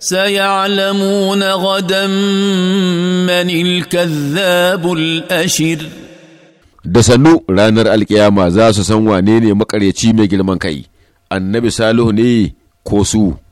Saya سيعلمون غدا من الكذاب الأشر da sannu ranar alƙiyama za su san wanene maƙaryaci mai girman kai annabi salihu ne ko su